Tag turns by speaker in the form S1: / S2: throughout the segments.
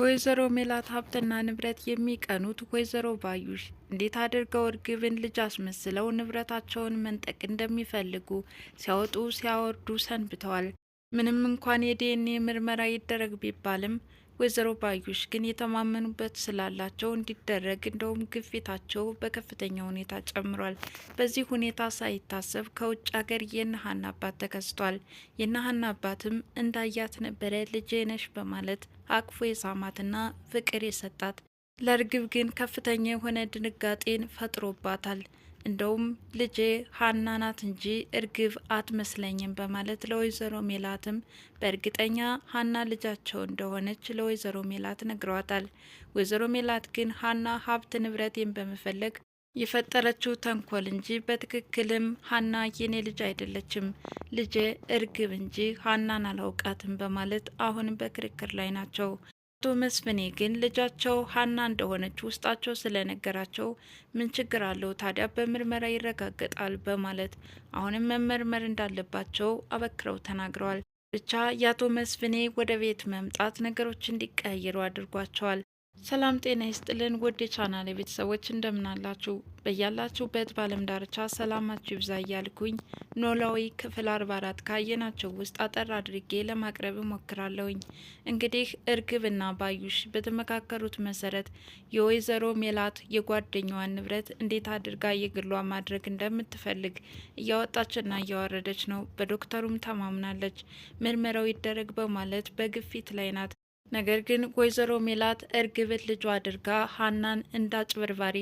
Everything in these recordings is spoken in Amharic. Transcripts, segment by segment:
S1: በወይዘሮ ሜላት ሀብትና ንብረት የሚቀኑት ወይዘሮ ባዩሽ እንዴት አድርገው እርግብን ልጅ አስመስለው ንብረታቸውን መንጠቅ እንደሚፈልጉ ሲያወጡ ሲያወርዱ ሰንብተዋል። ምንም እንኳን የዲኤንኤ ምርመራ ይደረግ ቢባልም ወይዘሮ ባዩሽ ግን የተማመኑበት ስላላቸው እንዲደረግ እንደውም ግፊታቸው በከፍተኛ ሁኔታ ጨምሯል። በዚህ ሁኔታ ሳይታሰብ ከውጭ ሀገር የነሀና አባት ተከስቷል። የነሀና አባትም እንዳያት ነበረ ልጄ ነሽ በማለት አቅፎ የሳማትና ፍቅር የሰጣት ለእርግብ ግን ከፍተኛ የሆነ ድንጋጤን ፈጥሮባታል። እንደውም ልጄ ሀና ናት እንጂ እርግብ አትመስለኝም በማለት ለወይዘሮ ሜላትም በእርግጠኛ ሀና ልጃቸው እንደሆነች ለወይዘሮ ሜላት ነግረዋታል። ወይዘሮ ሜላት ግን ሀና ሀብት ንብረቴን በመፈለግ የፈጠረችው ተንኮል እንጂ በትክክልም ሀና የኔ ልጅ አይደለችም፣ ልጄ እርግብ እንጂ ሀናን አላውቃትም በማለት አሁን በክርክር ላይ ናቸው። አቶ መስፍኔ ግን ልጃቸው ሀና እንደሆነች ውስጣቸው ስለነገራቸው ምን ችግር አለው ታዲያ በምርመራ ይረጋገጣል በማለት አሁንም መመርመር እንዳለባቸው አበክረው ተናግረዋል። ብቻ የአቶ መስፍኔ ወደ ቤት መምጣት ነገሮች እንዲቀያየሩ አድርጓቸዋል። ሰላም ጤና ይስጥልን ውድ የቻናል የቤተሰቦች እንደምናላችሁ በያላችሁበት ባለም ዳርቻ ሰላማችሁ ይብዛ እያልኩኝ ኖላዊ ክፍል አርባ አራት ካየናቸው ውስጥ አጠር አድርጌ ለማቅረብ እሞክራለሁኝ። እንግዲህ እርግብና ባዩሽ በተመካከሩት መሰረት የወይዘሮ ሜላት የጓደኛዋን ንብረት እንዴት አድርጋ የግሏ ማድረግ እንደምትፈልግ እያወጣችና እያወረደች ነው። በዶክተሩም ተማምናለች። ምርመራው ይደረግ በማለት በግፊት ላይ ናት። ነገር ግን ወይዘሮ ሜላት እርግብን ልጇ አድርጋ ሀናን እንዳጭበርባሪ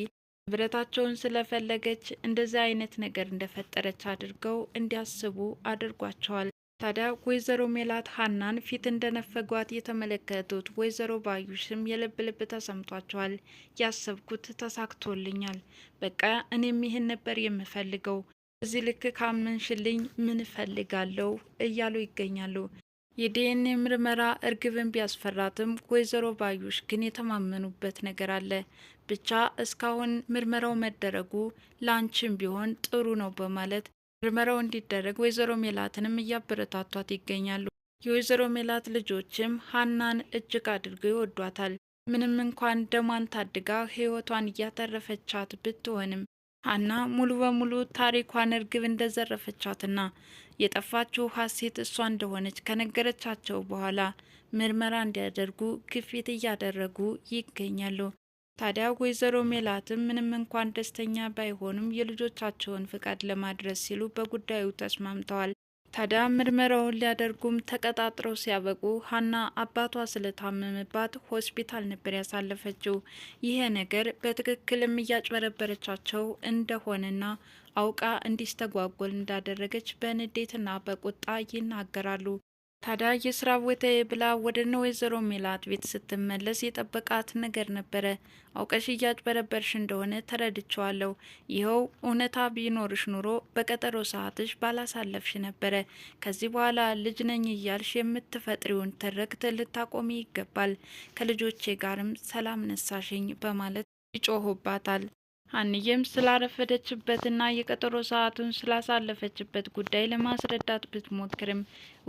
S1: ንብረታቸውን ስለፈለገች እንደዚህ አይነት ነገር እንደፈጠረች አድርገው እንዲያስቡ አድርጓቸዋል። ታዲያ ወይዘሮ ሜላት ሀናን ፊት እንደነፈጓት የተመለከቱት ወይዘሮ ባዩሽም የልብ ልብ ተሰምቷቸዋል። ያሰብኩት ተሳክቶልኛል፣ በቃ እኔም ይህን ነበር የምፈልገው፣ እዚህ ልክ ካመንሽልኝ ምን እፈልጋለሁ እያሉ ይገኛሉ። የዲኤንኤ ምርመራ እርግብን ቢያስፈራትም ወይዘሮ ባዩሽ ግን የተማመኑበት ነገር አለ። ብቻ እስካሁን ምርመራው መደረጉ ላንችም ቢሆን ጥሩ ነው በማለት ምርመራው እንዲደረግ ወይዘሮ ሜላትንም እያበረታቷት ይገኛሉ። የወይዘሮ ሜላት ልጆችም ሀናን እጅግ አድርገው ይወዷታል። ምንም እንኳን ደሟን ታድጋ ሕይወቷን እያተረፈቻት ብትሆንም ሀና ሙሉ በሙሉ ታሪኳን እርግብ እንደዘረፈቻትና የጠፋችው ሀሴት እሷ እንደሆነች ከነገረቻቸው በኋላ ምርመራ እንዲያደርጉ ግፊት እያደረጉ ይገኛሉ። ታዲያ ወይዘሮ ሜላትም ምንም እንኳን ደስተኛ ባይሆኑም የልጆቻቸውን ፍቃድ ለማድረስ ሲሉ በጉዳዩ ተስማምተዋል። ታዲያ ምርመራውን ሊያደርጉም ተቀጣጥረው ሲያበቁ ሀና አባቷ ስለታመመባት ሆስፒታል ነበር ያሳለፈችው። ይሄ ነገር በትክክልም እያጭበረበረቻቸው እንደሆነና አውቃ እንዲስተጓጎል እንዳደረገች በንዴትና በቁጣ ይናገራሉ። ታዲያ የስራ ቦታዬ ብላ ወደ እነ ወይዘሮ ሜላት ቤት ስትመለስ የጠበቃት ነገር ነበረ። አውቀሽ እያጭበረበርሽ እንደሆነ ተረድቸዋለሁ። ይኸው እውነታ ቢኖርሽ ኑሮ በቀጠሮ ሰዓትሽ ባላሳለፍሽ ነበረ። ከዚህ በኋላ ልጅ ነኝ እያልሽ የምትፈጥሪውን ትርክት ልታቆሚ ይገባል። ከልጆቼ ጋርም ሰላም ነሳሽኝ በማለት ይጮሆባታል። ሀንዬም ስላረፈደችበትና የቀጠሮ ሰዓቱን ስላሳለፈችበት ጉዳይ ለማስረዳት ብትሞክርም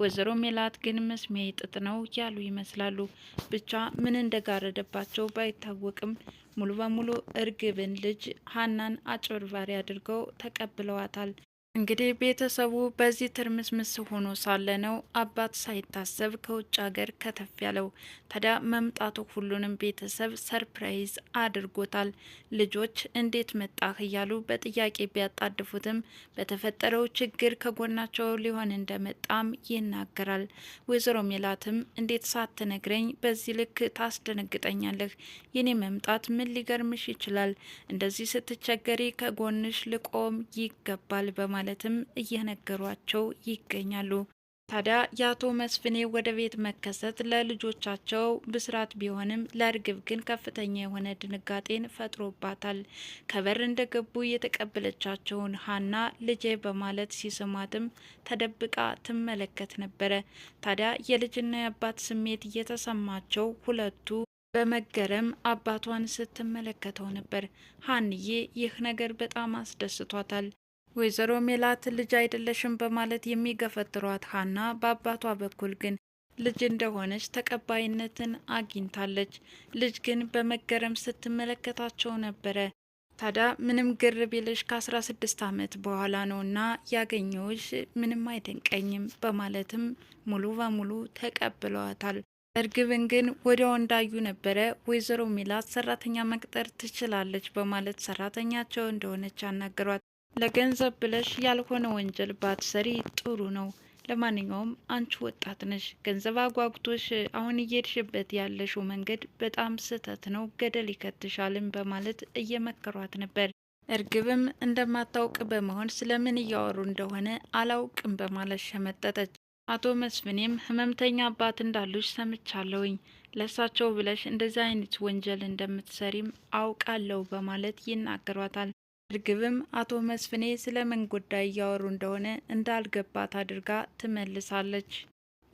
S1: ወይዘሮ ሜላት ግን መስሜ ጥጥ ነው ያሉ ይመስላሉ። ብቻ ምን እንደጋረደባቸው ባይታወቅም ሙሉ በሙሉ እርግብን ልጅ ሀናን አጭበርባሪ አድርገው ተቀብለዋታል። እንግዲህ ቤተሰቡ በዚህ ትርምስምስ ሆኖ ሳለ ነው አባት ሳይታሰብ ከውጭ ሀገር ከተፍ ያለው። ታዲያ መምጣቱ ሁሉንም ቤተሰብ ሰርፕራይዝ አድርጎታል። ልጆች እንዴት መጣህ እያሉ በጥያቄ ቢያጣድፉትም በተፈጠረው ችግር ከጎናቸው ሊሆን እንደመጣም ይናገራል። ወይዘሮ ሜላትም እንዴት ሳትነግረኝ በዚህ ልክ ታስደነግጠኛለህ? የኔ መምጣት ምን ሊገርምሽ ይችላል? እንደዚህ ስትቸገሪ ከጎንሽ ልቆም ይገባል በማለት በማለትም እየነገሯቸው ይገኛሉ። ታዲያ የአቶ መስፍኔ ወደ ቤት መከሰት ለልጆቻቸው ብስራት ቢሆንም ለእርግብ ግን ከፍተኛ የሆነ ድንጋጤን ፈጥሮባታል። ከበር እንደገቡ የተቀበለቻቸውን ሀና ልጄ በማለት ሲስማትም ተደብቃ ትመለከት ነበረ። ታዲያ የልጅና የአባት ስሜት እየተሰማቸው ሁለቱ በመገረም አባቷን ስትመለከተው ነበር። ሀንዬ ይህ ነገር በጣም አስደስቷታል። ወይዘሮ ሜላት ልጅ አይደለሽም በማለት የሚገፈትሯት ሀና በአባቷ በኩል ግን ልጅ እንደሆነች ተቀባይነትን አግኝታለች። ልጅ ግን በመገረም ስትመለከታቸው ነበረ። ታዲያ ምንም ግር ቢልሽ ከ16 ዓመት በኋላ ነውና ያገኘውሽ ምንም አይደንቀኝም በማለትም ሙሉ በሙሉ ተቀብለዋታል። እርግብን ግን ወዲያው እንዳዩ ነበረ ወይዘሮ ሜላት ሰራተኛ መቅጠር ትችላለች በማለት ሰራተኛቸው እንደሆነች አናገሯት። ለገንዘብ ብለሽ ያልሆነ ወንጀል ባትሰሪ ጥሩ ነው። ለማንኛውም አንቺ ወጣት ነሽ፣ ገንዘብ አጓጉቶሽ አሁን እየሄድሽበት ያለሽው መንገድ በጣም ስህተት ነው፣ ገደል ይከትሻልም በማለት እየመከሯት ነበር። እርግብም እንደማታውቅ በመሆን ስለምን እያወሩ እንደሆነ አላውቅም በማለት ሸመጠጠች። አቶ መስፍኔም ህመምተኛ አባት እንዳሉሽ ሰምቻለሁኝ፣ ለሳቸው ብለሽ እንደዚህ አይነት ወንጀል እንደምትሰሪም አውቃለሁ በማለት ይናገሯታል። እርግብም አቶ መስፍኔ ስለ ጉዳይ እያወሩ እንደሆነ እንዳልገባት አድርጋ ትመልሳለች።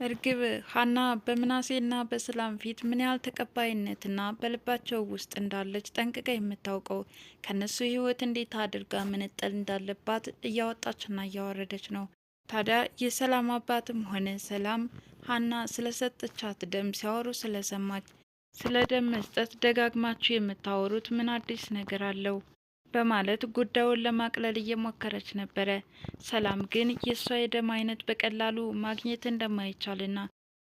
S1: እርግብ ሀና በምናሴና በሰላም ፊት ምን ያህል ተቀባይነትና በልባቸው ውስጥ እንዳለች ጠንቅቃ የምታውቀው ከነሱ ህይወት እንዴት አድርጋ መነጠል እንዳለባት እያወጣችና እያወረደች ነው። ታዲያ የሰላም አባትም ሆነ ሰላም ሀና ስለሰጠቻት ደም ሲያወሩ ስለሰማች ስለ ደም መስጠት ደጋግማችሁ የምታወሩት ምን አዲስ ነገር አለው? በማለት ጉዳዩን ለማቅለል እየሞከረች ነበረ። ሰላም ግን የእሷ የደም አይነት በቀላሉ ማግኘት እንደማይቻልና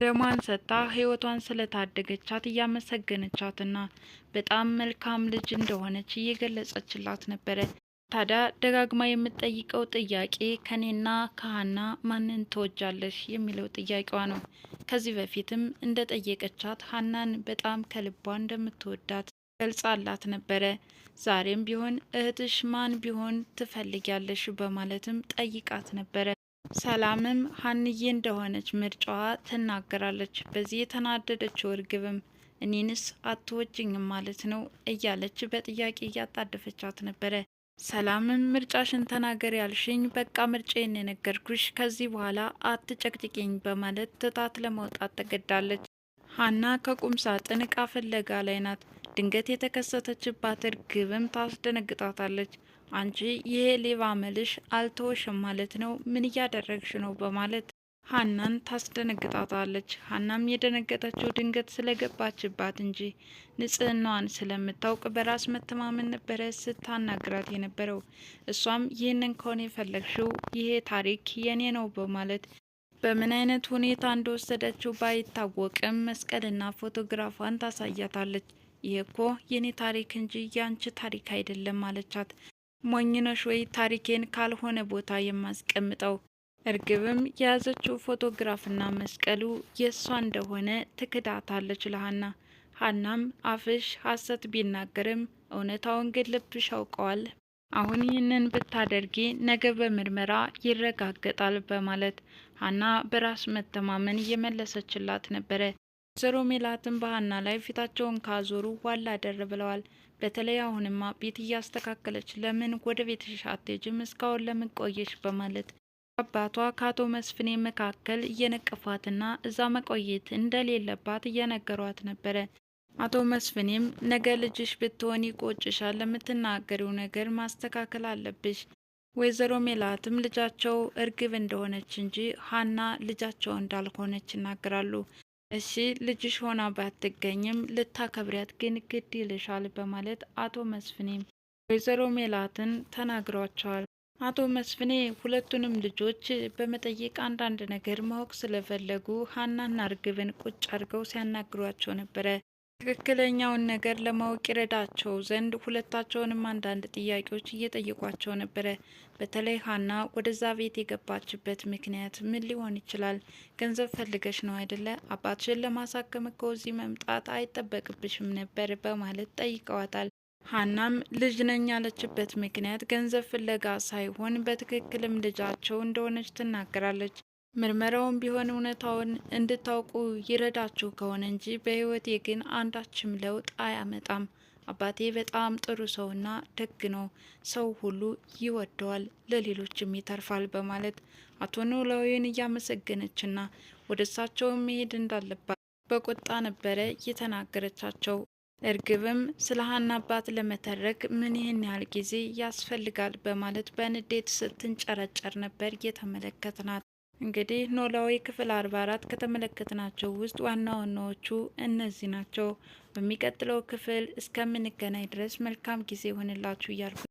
S1: ደሟን ሰጥታ ህይወቷን ስለታደገቻት እያመሰገነቻትና በጣም መልካም ልጅ እንደሆነች እየገለጸችላት ነበረ። ታዲያ ደጋግማ የምትጠይቀው ጥያቄ ከኔና ከሀና ማንን ትወጃለሽ የሚለው ጥያቄዋ ነው። ከዚህ በፊትም እንደጠየቀቻት ሀናን በጣም ከልቧ እንደምትወዳት ገልጻላት ነበረ። ዛሬም ቢሆን እህትሽ ማን ቢሆን ትፈልጊያለሽ በማለትም ጠይቃት ነበረ። ሰላምም ሀንዬ እንደሆነች ምርጫዋ ትናገራለች። በዚህ የተናደደችው እርግብም እኔንስ አትወጅኝም ማለት ነው እያለች በጥያቄ እያጣደፈቻት ነበረ። ሰላምም ምርጫሽን ተናገር ያልሽኝ፣ በቃ ምርጬን የነገርኩሽ፣ ከዚህ በኋላ አትጨቅጭቅኝ በማለት ትታት ለመውጣት ተገዳለች። ሀና ከቁም ሳጥን እቃ ፍለጋ ላይ ናት። ድንገት የተከሰተችባት እርግብም ታስደነግጣታለች። አንቺ ይሄ ሌባ መልሽ አልተወሽም ማለት ነው? ምን እያደረግሽ ነው? በማለት ሀናን ታስደነግጣታለች። ሀናም የደነገጠችው ድንገት ስለገባችባት እንጂ ንጽህናዋን ስለምታውቅ በራስ መተማመን ነበረ ስታናግራት የነበረው። እሷም ይህንን ከሆነ የፈለግሽው ይሄ ታሪክ የኔ ነው በማለት በምን አይነት ሁኔታ እንደወሰደችው ባይታወቅም መስቀልና ፎቶግራፏን ታሳያታለች። ይህ እኮ የኔ ታሪክ እንጂ ያንቺ ታሪክ አይደለም አለቻት። ሞኝነሽ ወይ ታሪኬን ካልሆነ ቦታ የማስቀምጠው። እርግብም የያዘችው ፎቶግራፍና መስቀሉ የእሷ እንደሆነ ትክዳታለች ለሀና። ሀናም አፍሽ ሐሰት ቢናገርም እውነታውን ግን ልብሽ ያውቀዋል። አሁን ይህንን ብታደርጊ ነገ በምርመራ ይረጋገጣል በማለት ሀና በራስ መተማመን እየመለሰችላት ነበረ። ወይዘሮ ሜላትን በሀና ላይ ፊታቸውን ካዞሩ ዋላ ደር ብለዋል። በተለይ አሁንማ ቤት እያስተካከለች ለምን ወደ ቤትሽ አትሄጂም? እስካሁን ለምን ቆየሽ? በማለት አባቷ ከአቶ መስፍኔ መካከል እየነቀፏትና እዛ መቆየት እንደሌለባት እየነገሯት ነበረ። አቶ መስፍኔም ነገ ልጅሽ ብትሆን ይቆጭሻል፣ ለምትናገሪው ነገር ማስተካከል አለብሽ ወይዘሮ ሜላትም ልጃቸው እርግብ እንደሆነች እንጂ ሀና ልጃቸው እንዳልሆነች ይናገራሉ። እሺ ልጅሽ ሆና ባትገኝም ልታከብሪያት ግን ግድ ይልሻል በማለት አቶ መስፍኔም ወይዘሮ ሜላትን ተናግሯቸዋል። አቶ መስፍኔ ሁለቱንም ልጆች በመጠየቅ አንዳንድ ነገር ማወቅ ስለፈለጉ ሀናና እርግብን ቁጭ አድርገው ሲያናግሯቸው ነበረ። ትክክለኛውን ነገር ለማወቅ ይረዳቸው ዘንድ ሁለታቸውንም አንዳንድ ጥያቄዎች እየጠየቋቸው ነበረ። በተለይ ሀና ወደዛ ቤት የገባችበት ምክንያት ምን ሊሆን ይችላል? ገንዘብ ፈልገሽ ነው አይደለ? አባትሽን ለማሳከም እኮ እዚህ መምጣት አይጠበቅብሽም ነበር በማለት ጠይቀዋታል። ሀናም ልጅ ነኝ ያለችበት ምክንያት ገንዘብ ፍለጋ ሳይሆን በትክክልም ልጃቸው እንደሆነች ትናገራለች። ምርመራውን ቢሆን እውነታውን እንድታውቁ ይረዳችሁ ከሆነ እንጂ በህይወቴ ግን አንዳችም ለውጥ አያመጣም። አባቴ በጣም ጥሩ ሰውና ደግ ነው። ሰው ሁሉ ይወደዋል፣ ለሌሎችም ይተርፋል በማለት አቶ ኖላዊን እያመሰገነችና ወደ እሳቸውም መሄድ እንዳለባት በቁጣ ነበረ የተናገረቻቸው። እርግብም ስለ ሀና አባት ለመተረክ ምን ይህን ያህል ጊዜ ያስፈልጋል በማለት በንዴት ስትንጨረጨር ነበር የተመለከትናት። እንግዲህ ኖላዊ ክፍል አርባ አራት ከተመለከትናቸው ውስጥ ዋና ዋናዎቹ እነዚህ ናቸው። በሚቀጥለው ክፍል እስከምንገናኝ ድረስ መልካም ጊዜ ይሆንላችሁ እያልኩ